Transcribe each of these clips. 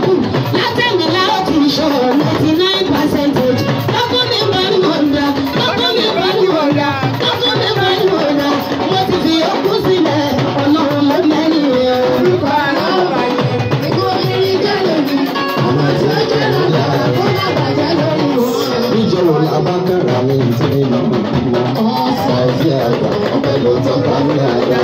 table látẹ̀yìn la ó ti sọ̀rọ̀ ninety nine percentage lọ́kùn mi máa ń wọ̀nà lọ́kùn mi máa ń wọ̀nà lọ́kùn mi máa ń wọ̀nà mo ti fi okú sílẹ̀ ọlọ́run ló mẹ́rin rẹ̀ orúkọ ara ọ̀bà yẹn ìgbóni ní jẹ́lẹ̀ mi àwọn tí ó jẹ́ lọ́dọ̀ kó má bàjẹ́ lórí wọn. ìjọba abákàrà mi ti ní lọ́mọ ìgbà ọ̀sán sí àgbà ọ̀pẹ ló tọ́ bá mi àgbà.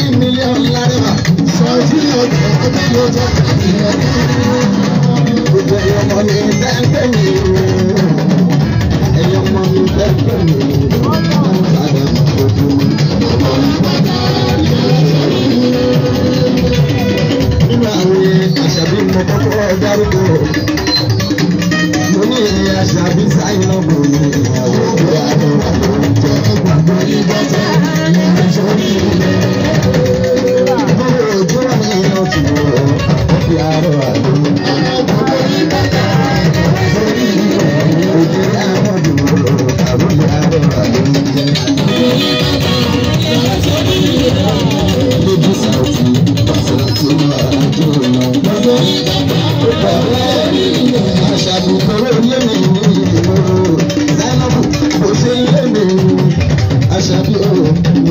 twenty million naira sọjú ọjọ́ ọjọ́ ọjọ́ gbogbo ẹyọ ọmọ mi tẹ́tẹ́ mi ẹyọ ọmọ mi tẹ́tẹ́ mi padà ojú ọmọ mi padà nínú àwọn àṣàbí mo kọ́kọ́ dárúkọ mo ní àṣàbí sáyẹn lọ́gbọ̀n mi.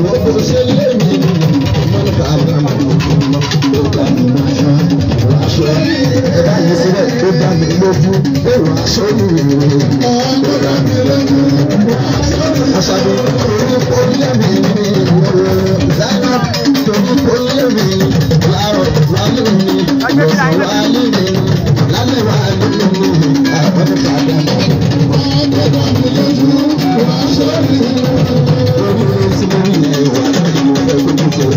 lójú èrò aṣọ ìrìn aṣáájú torí pólíẹ̀mì ni ìlànà torí pólíẹ̀mì láàrọ̀ wálé mi lọ́sàn wálé mi lálẹ́ wálé mi àwọn ìpàdé àmọ́. torí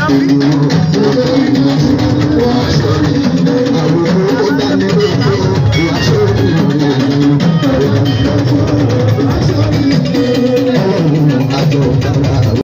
sorry